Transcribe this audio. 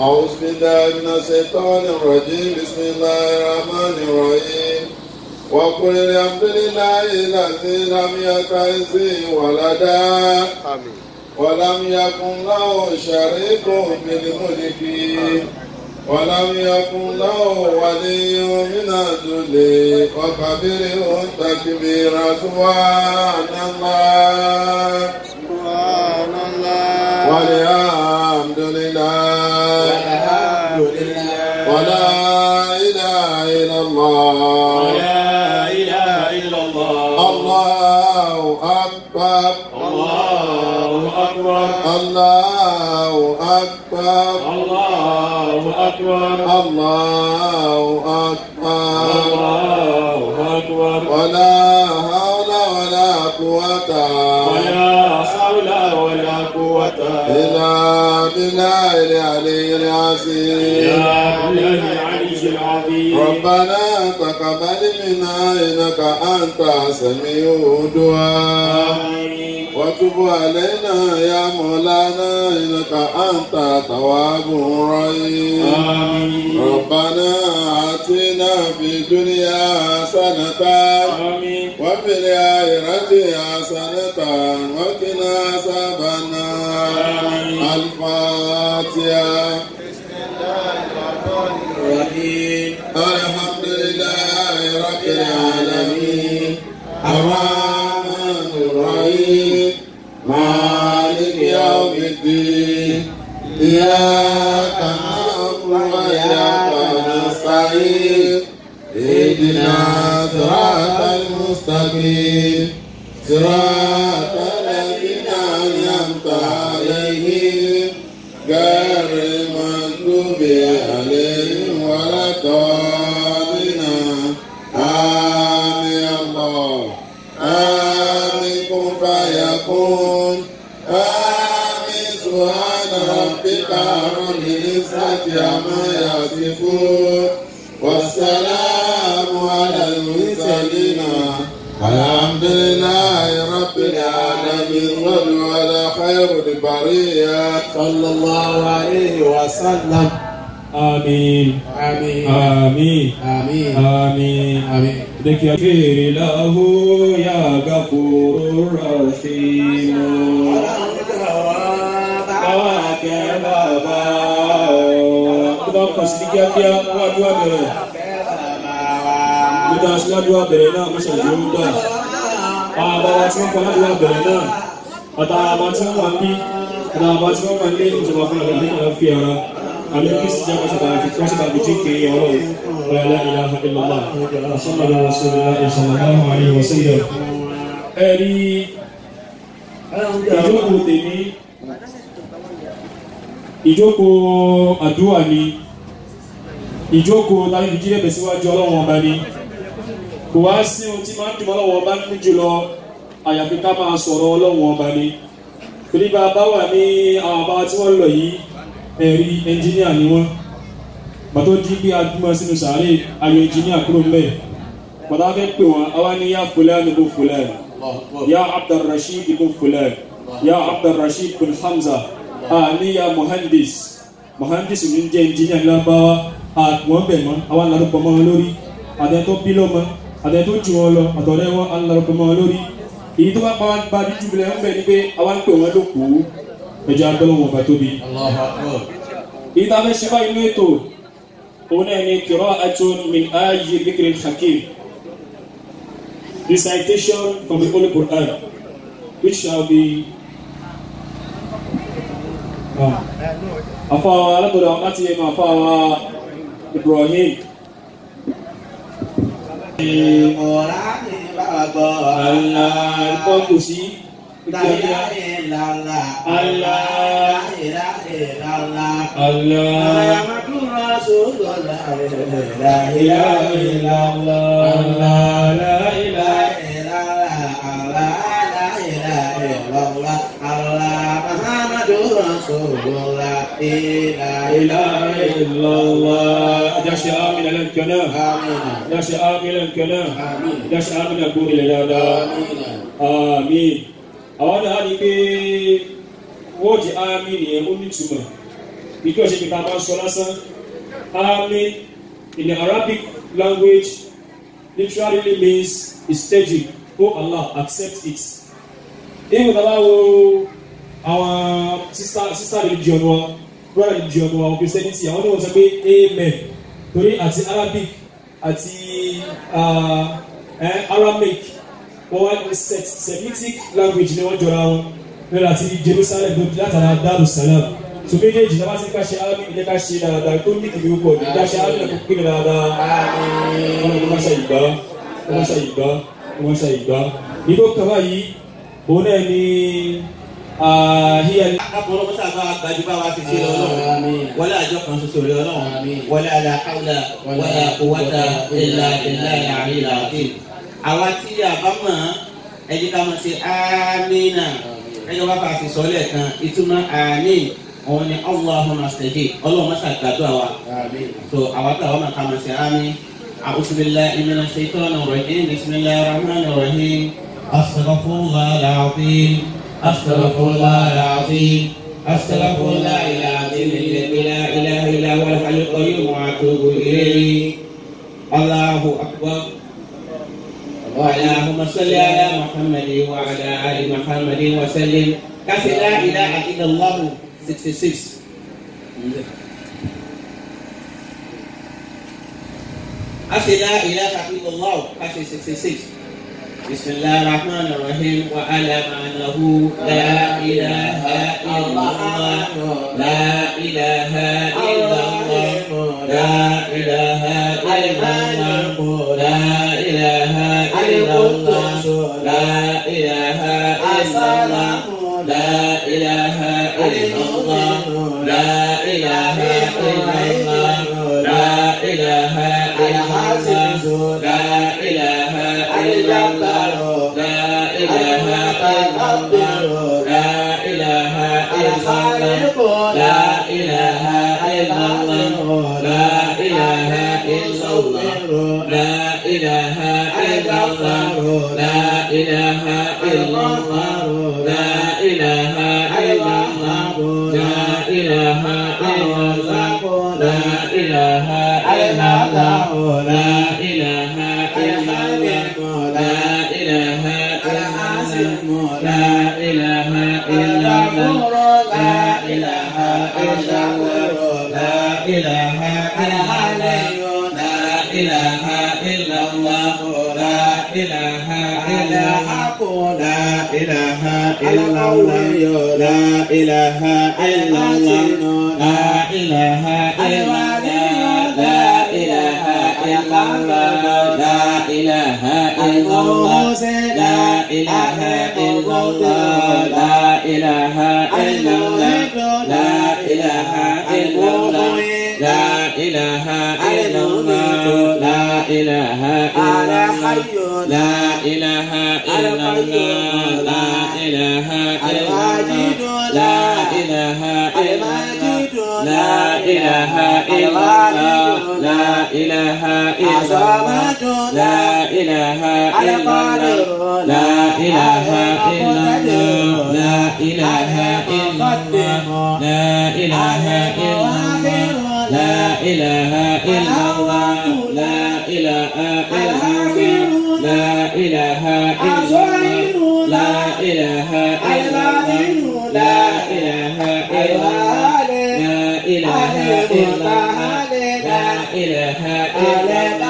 أعوذ بالله من الشيطان الرجيم بسم الله الرحمن الرحيم وقل الحمد لله الذي لم يتخذ ولدا آمين ولم يكن له شريك بالملك ولم يكن له ولي من الذل وكبره تكبيرا سبحان الله سبحان الله والحمد لله أكبر الله أكبر الله أكبر الله أكبر ولا حول ولا قوة ولا حول ولا قوة إلا بالله العلي العظيم يا ربنا تقبل منا إنك أنت السميع الدعاء وتب علينا يا مولانا إنك أنت التواب الرحيم ربنا آتنا في الدنيا حسنة وفي الآخرة حسنة وقنا عذاب النار الفاتحة إياك نعبد وإياك نستعين اهدنا صراط المستقيم صراط يا ما يصفون والسلام على المرسلين الحمد لله رب العالمين وعلى خير البرية صلى الله عليه وسلم آمين آمين آمين آمين آمين آمين ذكر له يا غفور رحيم kàn sí ní kíákíá wá dúwà bẹ̀rẹ̀ nígbà tí ládùúwà bẹ̀rẹ̀ náà mọ́ṣẹ̀ ló ń gbà àwọn àbáwá tí wọ́n kọ́ ládùúwà bẹ̀rẹ̀ náà ọ̀tá àbá tí wọ́n wà ń bí ọ̀tá àbá tí wọ́n wà ń lé ìjọba fún ọ̀gá nípa fi ara àmì kí sì jẹ́ wọ́n ṣe bàbá wọ́n ṣe bàbá jí kéé ọlọ́run ìjókòó àdúrà ni ìjókòó láti fi jílẹ̀ bẹ̀ síwájú ọlọ́run ọba ni kò wá sí ohun tí máa ń dùn ọlọ́run ọba nínú jùlọ àyàfi ká máa sọ̀rọ̀ ọlọ́run ọba ni torí bá a bá wà ní àwọn ọba tí wọ́n lọ yìí ẹ̀rí ẹnjíníà ni wọ́n bàtọ́ di pé adúmọ̀ sínú sàárè ayò ẹnjíníà kúrò mbẹ́ bàtà fẹ́ pè wọ́n àwa ni yá fúlẹ́ẹ̀ ni bó fúlẹ́ẹ̀ yá Abdulrasheed bó fúlẹ́ẹ̀ yá Abdulrasheed bin Hamza àní yá muhandis muhandis ní jẹ́ ẹnjíníà lábáwá àpọ̀n bẹ̀ mọ́ àwa lárúkọ mọ́ wọn lórí àtẹ̀yẹ tó bí lọ́mọ àtẹ̀yẹ tó jù wọn lọ àtọ̀rẹ́ wọn alárúkọ mọ́ wọn lórí èyí tó bá pa wọn gba dúdú bilẹ̀ ńbẹ ni pé àwa ń pè wọn lóko ẹjọ́ agbọ́lọ́wọ́ ọba tóbi. èyí tá a fẹ́ ṣe báyìí ètò òun náà ni qira'atun min ayyi dhikril hakim recitation from the Holy Quran which shall be ah, àfọwọ́ alátọ̀dọ̀ láti ẹnu àfọwọ́. Ibrahim. ọ̀rá ni bàbá ọ̀la ẹ̀kọ́ kò sí. Ìjọba ìlàlà. Àlá. Ìlà ìlàlà. Àlá. Àyàmọ́tò rán sóògùn ọ̀la ìlà ìlà ìlàlà. Àlá. Àlá ìlà ìlàlà. Àlá ìlà ìlàlà. Àlá. Muhammadu Rasulullah. Ìlà ìlà ìlàlà. داش آمين لنكنا داش آمين لنكنا داش آمين لنكون لنا آمين àwọn náà ni pé wọ́ọ̀dì àmì nìyẹn ó nítumọ̀ bí kí ọ̀ṣẹ́ mi bàbá sọ lásán àmì in the Arabic language literally means staging. oh Allah accept it ìwé bàbá wo our sister sister religion wa brother religion we or christianity àwọn náà wọ́n sọ pé amen torí àti Arabic àti uh, eh, Aramaic wọ́n wá ní Semitic language ni wọ́n jọra wọn lọ́la àti Jerusalem látara Darussalam tó méjèèjì náà wá sí ká ṣe Arabic ní ká ṣe dáadáa tó ní ìlú pọ̀ ní ká ṣe Arabic kó pín dáadáa wọ́n ní wọ́n ṣe ìgbà wọ́n ṣe ìgbà wọ́n ṣe ìgbà. ìgbó kaba yìí òun náà ní akọrọ ah, mọta bá wa gbajú bá wa fi ṣe Ọlọ́run wọlé àjọ kan ṣoṣo rẹ Ọlọ́run wọlé alákàwọlá wọlé kọwọta ẹlà ẹlà àárín ìlà òkè àwa tí a bá mọ ẹjẹ ká mọ sí amínà ẹjọ bá fàá fi sọ lẹ́ẹ̀kan ìtumọ̀ àmín òun ni Allahumma sẹjì Ọlọ́run mọta gbàdúrà wa tó àwa tó àwọn màkà mọ sí amín a'udhu billahi minash shaitanir rajim bismillahir rahmanir rahim astaghfirullah al-azim. أستغفر الله العظيم أستغفر الله العظيم الذي لا إله إلا هو الحي القيوم وأتوب إليه الله أكبر اللهم صل على محمد وعلى آل محمد وسلم كف لا إله إلا الله 66 أف لا إله إلا الله كف 66 بسم الله الرحمن الرحيم واعلم انه لا اله الا الله لا اله الا الله لا اله الا الله لا اله الا الله لا اله الا الله لا اله الا الله إله إلا الله لا إله إلا الله لا إله إلا الله لا إله إلا الله لا إله إلا الله لا إله إلا الله لا إله إلا الله لا إله إلا الله إله إلا لا إله إلا الله لا إله إلا الحق لا إله إلا الحي لا إله إلا الله لا إله إلا لا إله إلا الله لا إله إلا الله لا إله إلا الله لا إله إلا الله لا إله إلا الله إله إلا الله لا إله إلا الله لا إله إلا الله لا إله إلا الله لا إله إلا الله لا إله إلا الله لا إله إلا الله لا إله إلا الله لا إله إلا الله لا إله إلا الله لا إله إلا الله لا إله إلا الله لا إله إلا الله لا إله إلا الله لا إله إلا الله لا إله إلا الله